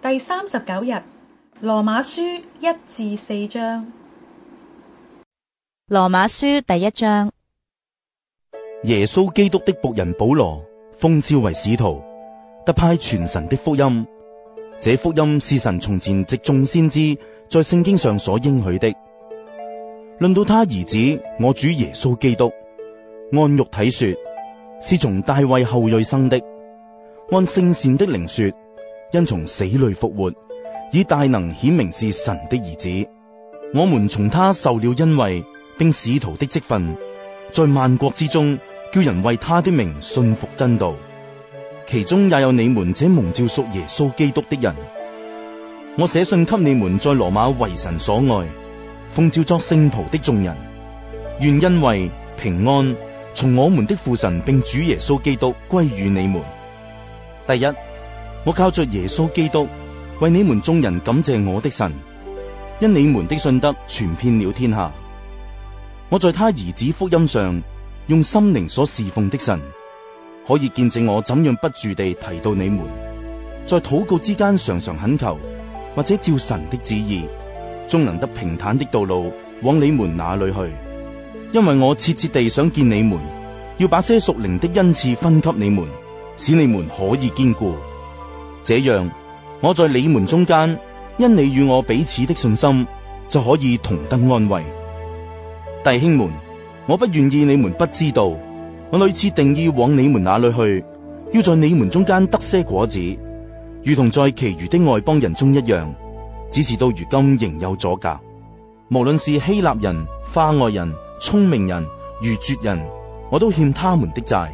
第三十九日，《羅馬書》一至四章，《羅馬書》第一章。耶穌基督的僕人保羅，奉召為使徒，特派傳神的福音。這福音是神從前藉眾先知在聖經上所應許的。論到他兒子，我主耶穌基督，按肉體說，是從大衛後裔生的；按聖善的靈說，因從死裏復活，以大能顯明是神的兒子。我們從他受了恩惠，並使徒的職分，在萬國之中叫人為他的名信服真道。其中也有你們，這蒙召屬耶穌基督的人。我寫信給你們，在羅馬為神所愛，奉召作聖徒的眾人，願恩惠平安，從我們的父神並主耶穌基督歸與你們。第一。我靠着耶穌基督為你們眾人感謝我的神，因你們的信德傳遍了天下。我在他兒子福音上用心靈所侍奉的神，可以見證我怎樣不住地提到你們，在禱告之間常常懇求，或者照神的旨意，終能得平坦的道路往你們那裏去。因為我切切地想見你們，要把些屬靈的恩賜分給你們，使你們可以堅固。這樣，我在你們中間，因你與我彼此的信心，就可以同得安慰。弟兄們，我不願意你們不知道，我屢次定意往你們那裏去，要在你們中間得些果子，如同在其餘的外邦人中一樣。只是到如今仍有阻隔，無論是希臘人、化外人、聰明人，愚拙人，我都欠他們的債，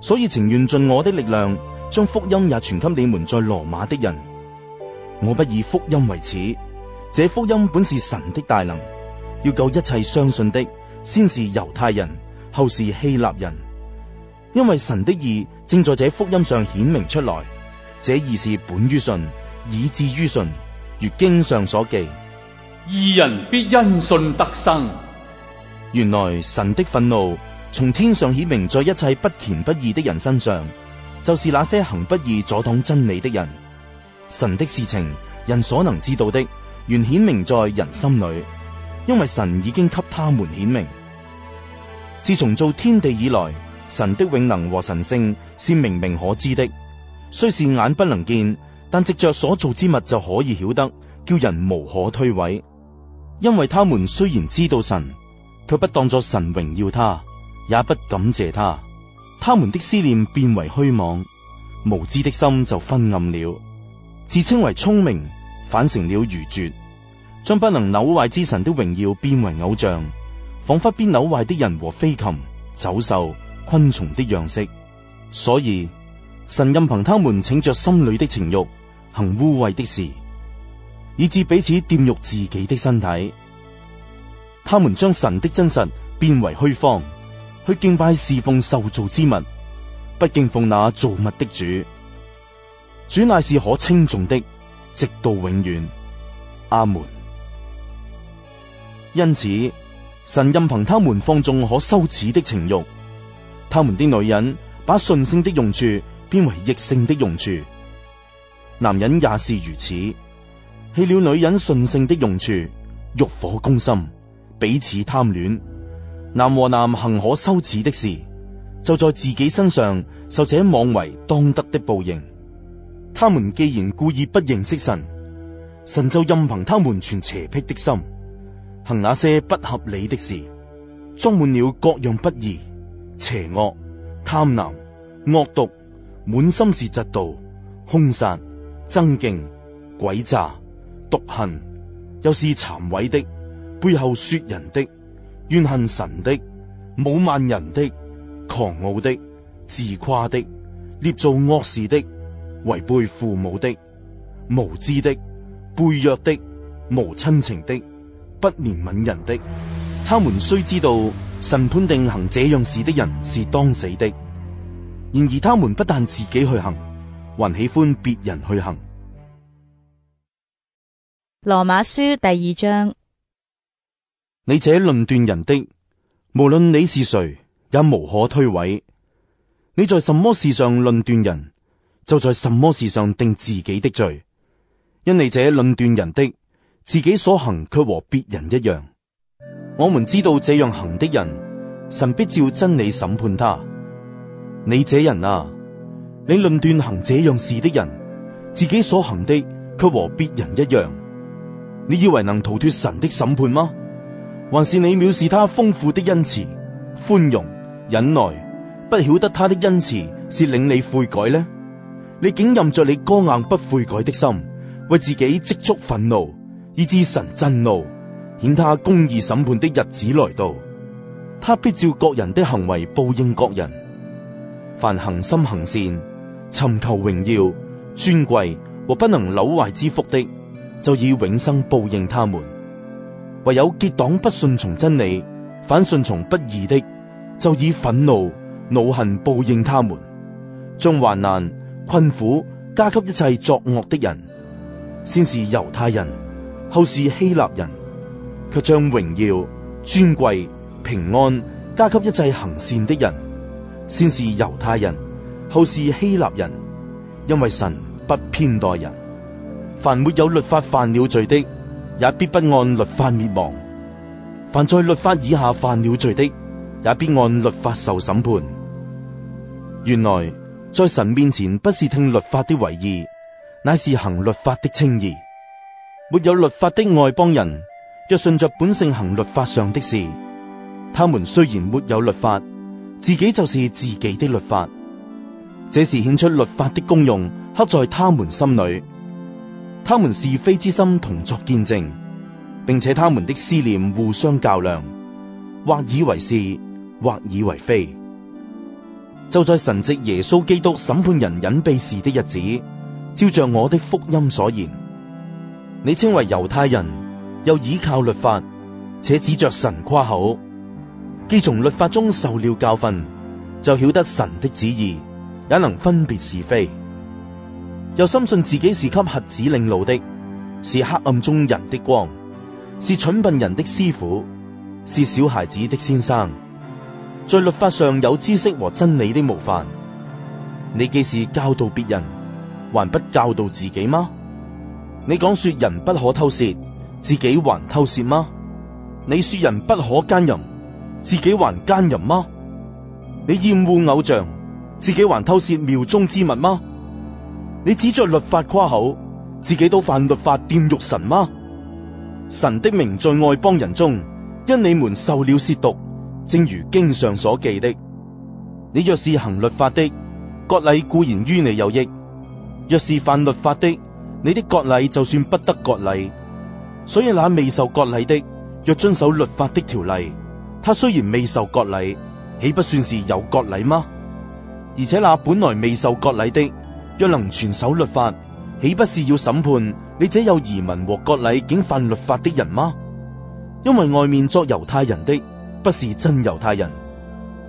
所以情願盡我的力量。將福音也傳給你們在羅馬的人，我不以福音為恥。這福音本是神的大能，要救一切相信的，先是猶太人，後是希臘人，因為神的義正在這福音上顯明出來。這義是本於信，以至於信，如經上所記：義人必因信得生。原來神的憤怒從天上顯明在一切不虔不義的人身上。就是那些行不義阻擋真理的人。神的事情人所能知道的，原顯明在人心裏，因為神已經給他們顯明。自從造天地以來，神的永能和神性是明明可知的，雖是眼不能見，但藉着所造之物就可以曉得，叫人無可推諉。因為他們雖然知道神，卻不當作神榮耀他，也不感謝他。他們的思念變為虛妄，無知的心就昏暗了。自稱為聰明，反成了愚拙。將不能朽壞之神的榮耀變為偶像，仿佛必朽壞的人和飛禽、走獸、昆蟲的樣式。所以神任憑他們逞著心裏的情欲行污穢的事，以致彼此玷辱自己的身體。他們將神的真實變為虛謊。去敬拜侍奉受造之物，不敬奉那造物的主。主乃是可稱頌的，直到永遠。阿門。因此，神任憑他們放縱可羞恥的情欲。他們的女人把順性的用處變為逆性的用處，男人也是如此，棄了女人順性的用處，欲火攻心，彼此貪戀。男和男行可羞恥的事，就在自己身上受這妄為當得的報應。他們既然故意不認識神，神就任憑他們存邪僻的心，行那、啊、些不合理的事，裝滿了各樣不義、邪惡、貪婪、惡毒，滿心是嫉妒、凶殺、爭競、詭詐、毒恨，又是殘毀的，背後說人的。怨恨神的、侮慢人的、狂傲的、自誇的、捏造惡事的、違背父母的、無知的、背約的、無親情的、不憐憫人的，他們雖知道，神判定行這樣事的人是當死的。然而他們不但自己去行，還喜歡別人去行。羅馬書第二章。你這論斷人的，無論你是誰，也無可推諉。你在什麼事上論斷人，就在什麼事上定自己的罪。因你這論斷人的，自己所行卻和別人一樣。我們知道這樣行的人，神必照真理審判他。你這人啊，你論斷行這樣事的人，自己所行的卻和別人一樣。你以為能逃脫神的審判嗎？還是你藐視他豐富的恩慈、寬容、忍耐，不曉得他的恩慈是令你悔改呢？你竟任著你剛硬不悔改的心，為自己積蓄憤怒，以致神震怒，顯他公義審判的日子來到。他必照各人的行為報應各人。凡恆心行善、尋求榮耀、尊貴和不能扭壞之福的，就以永生報應他們。唯有結黨不順從真理，反順從不義的，就以憤怒、惱恨報應他們，將患難、困苦加給一切作惡的人；先是猶太人，後是希臘人，卻將榮耀、尊貴、平安加給一切行善的人；先是猶太人，後是希臘人，因為神不偏待人。凡沒有，有律法犯了罪的，也必不按律法滅亡；凡在律法以下犯了罪的，也必按律法受審判。原來在神面前不是聽律法的為義，乃是行律法的稱義。沒有律法的外邦人，若順着本性行律法上的事，他們雖然沒有律法，自己就是自己的律法。這是顯出律法的功用，刻在他們心裏。他們是非之心同作見證，並且他們的思念互相較量，或以為是，或以為非。就在神藉耶穌基督審判人隱秘時的日子，照着我的福音所言，你稱為猶太人，又倚靠律法，且指着神誇口，既從律法中受了教訓，就曉得神的旨意，也能分別是非。又深信自己是給瞎子領路的，是黑暗中人的光，是蠢笨人的師傅，是小孩子的先生，在律法上有知識和真理的模範。你既是教導別人，還不教導自己嗎？你講說人不可偷竊，自己還偷竊嗎？你說人不可奸淫，自己還奸淫嗎？你厭惡偶像，自己還偷竊廟中之物嗎？你指着律法誇口，自己都犯律法玷辱神嗎？神的名在外邦人中，因你們受了褻瀆，正如經上所記的。你若是行律法的，割禮固然於你有益；若是犯律法的，你的割禮就算不得割禮。所以那未受割禮的，若遵守律法的條例，他雖然未受割禮，豈不算是有割禮嗎？而且那本來未受割禮的。若能全守律法，豈不是要審判你這有儀文和割禮竟犯律法的人嗎？因為外面作猶太人的不是真猶太人，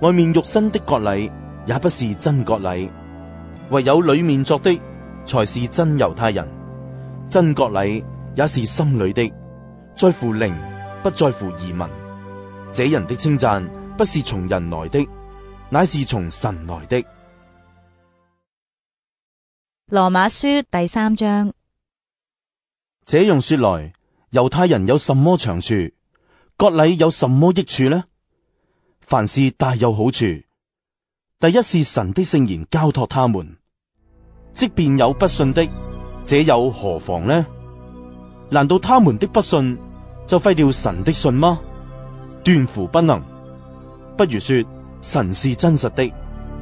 外面肉身的割禮也不是真割禮，唯有裏面作的才是真猶太人，真割禮也是心裏的，在乎靈，不在乎儀文。這人的稱讚不是從人來的，乃是從神來的。羅馬書第三章。這樣說來，猶太人有什麼長處？割禮有什麼益處呢？凡事大有好處。第一是神的聖言交託他們，即便有不信的，這有何妨呢？難道他們的不信就廢掉神的信嗎？斷乎不能。不如說神是真實的，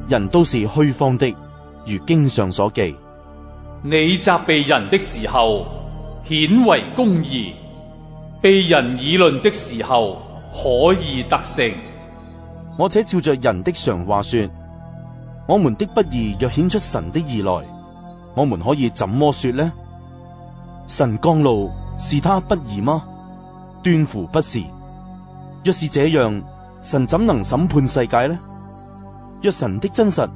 人都是虛謊的，如經上所記。你責備人的時候，顯為公義；被人議論的時候，可以得勝。我且照着人的常話說：我們的不義，若顯出神的義來，我們可以怎麼說呢？神降怒，是他不義嗎？斷乎不是。若是這樣，神怎能審判世界呢？若神的真實，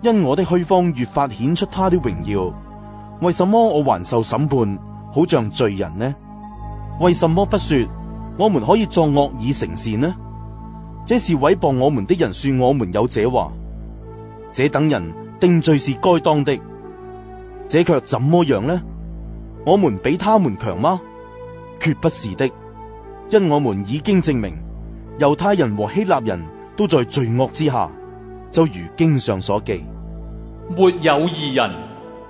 因我的虛方越發顯出他的榮耀。為什麼我還受審判，好像罪人呢？為什麼不說我們可以作惡以成善呢？這是毀謗我們的人說我們有這話，這等人定罪是該當的。這卻怎麼樣呢？我們比他們強嗎？決不是的，因我們已經證明猶太人和希臘人都在罪惡之下，就如經上所記，沒有義人。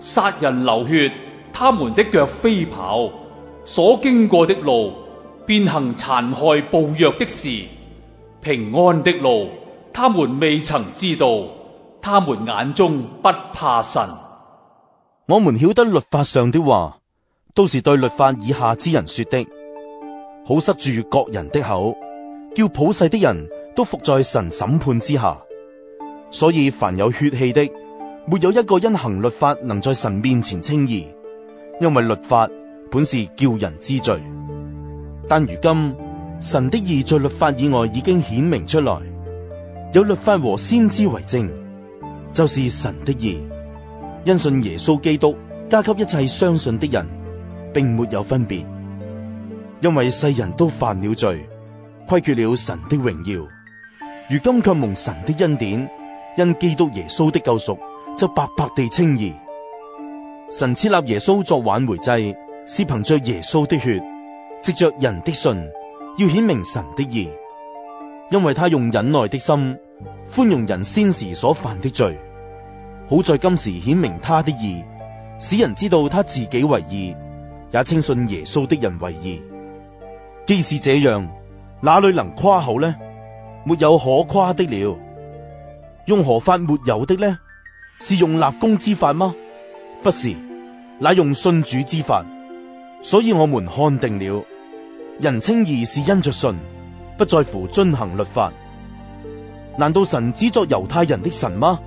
殺人流血，他們的腳飛跑，所經過的路，便行殘害暴虐的事。平安的路，他們未曾知道。他們眼中不怕神。我們曉得律法上的話，都是對律法以下之人說的，好塞住各人的口，叫普世的人都伏在神審判之下。所以凡有血氣的。沒有一個因行律法能在神面前稱義，因為律法本是叫人知罪。但如今神的義在律法以外已經顯明出來，有律法和先知為證，就是神的義。因信耶穌基督加給一切相信的人，並沒有分別，因為世人都犯了罪，虧缺了神的榮耀。如今卻蒙神的恩典，因基督耶穌的救贖。就白白地稱義，神設立耶穌作挽回祭，是憑着耶穌的血，藉着人的信，要顯明神的義。因為他用忍耐的心，寬容人先時所犯的罪，好在今時顯明他的義，使人知道他自己為義，也稱信耶穌的人為義。既是這樣，哪裏能誇口呢？沒有可誇的了。用何法沒有的呢？是用立功之法嗎？不是，乃用信主之法。所以我們看定了，人稱義是因着信，不在乎遵行律法。難道神只作猶太人的神嗎？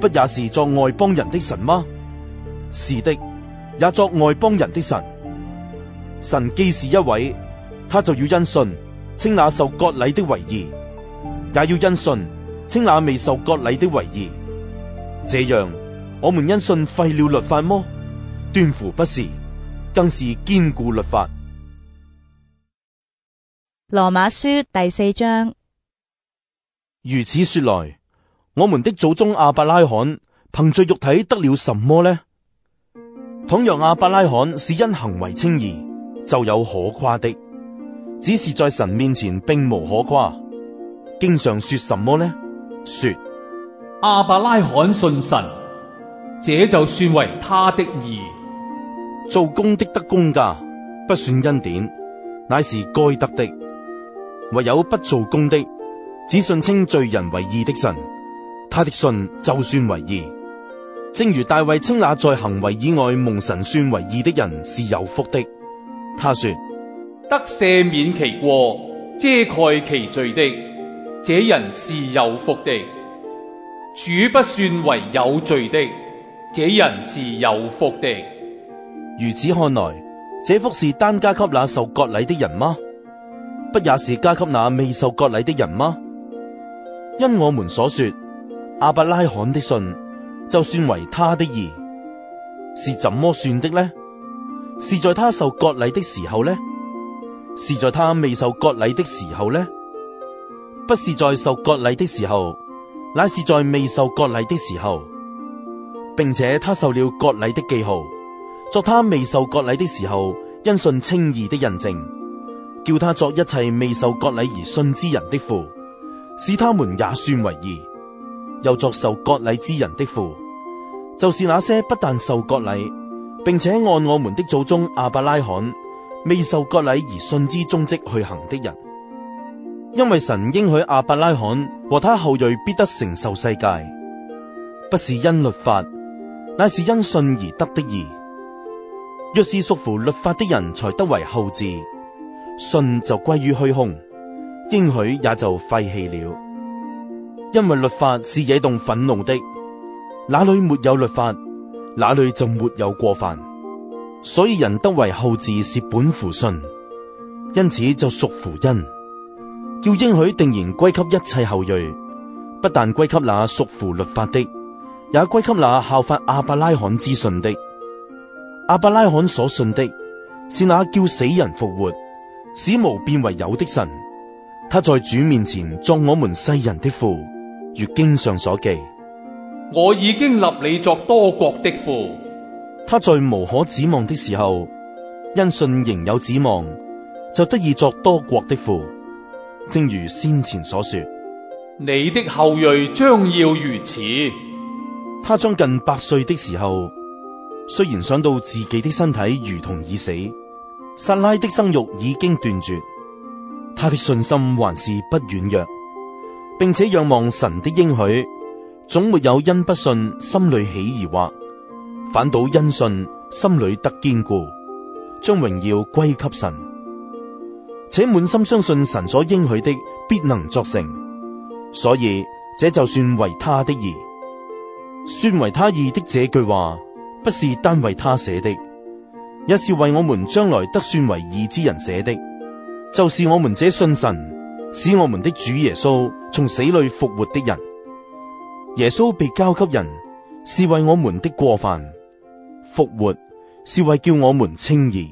不也是作外邦人的神嗎？是的，也作外邦人的神。神既是一位，他就要因信稱那受割禮的為義，也要因信稱那未受割禮的為義。這樣，我們因信廢了律法麼？斷乎不是，更是堅固律法。羅馬書第四章。如此說來，我們的祖宗亞伯拉罕憑著肉體得了什麼呢？倘若亞伯拉罕是因行為稱義，就有可誇的；只是在神面前並無可誇。經常說什麼呢？說。阿伯拉罕信神，這就算為他的義。做工的得工價，不算恩典，乃是該得的。唯有不做工的，只信稱罪人為義的神，他的信就算為義。正如大衛稱那在行為以外蒙神算為義的人是有福的。他說：得赦免其過、遮蓋其罪的，這人是有福的。主不算為有罪的，這人是有福的。如此看來，這福是單加給那受割禮的人嗎？不也是加給那未受割禮的人嗎？因我們所說，阿伯拉罕的信就算為他的義，是怎麼算的呢？是在他受割禮的時候呢？是在他未受割禮的時候呢？不是在受割禮的時候。乃是在未受割禮的時候，並且他受了割禮的記號，作他未受割禮的時候，因信稱義的印證，叫他作一切未受割禮而信之人的父，使他們也算為義，又作受割禮之人的父，就是那些不但受割禮，並且按我們的祖宗亞伯拉罕未受割禮而信之蹤跡去行的人。因為神應許亞伯拉罕和他後裔必得承受世界，不是因律法，乃是因信而得的義。若是屬乎律法的人才得為後嗣，信就歸於虛空，應許也就廢棄了。因為律法是惹動憤怒的，哪裏沒有律法，哪裏就沒有過犯，所以人得為後嗣，是本乎信，因此就屬乎恩。要應許定然歸給一切後裔，不但歸給那屬乎律法的，也歸給那效法亞伯拉罕之信的。亞伯拉罕所信的是那叫死人復活、使無變為有的神。他在主面前作我們世人的父，如經上所記：我已經立你作多國的父。他在無可指望的時候，因信仍有指望，就得以作多國的父。正如先前所說，你的後裔將要如此。他將近百歲的時候，雖然想到自己的身體如同已死，撒拉的生育已經斷絕，他的信心還是不軟弱，並且仰望神的應許，總沒有因不信心裏起疑惑；反倒因信心裏得堅固，將榮耀歸給神。且滿心相信神所應許的必能作成，所以這就算為他的義。算為他義的這句話，不是單為他寫的，也是為我們將來得算為義之人寫的。就是我們這信神，使我們的主耶穌從死裏復活的人。耶穌被交給人，是為我們的過犯；復活，是為叫我們稱義。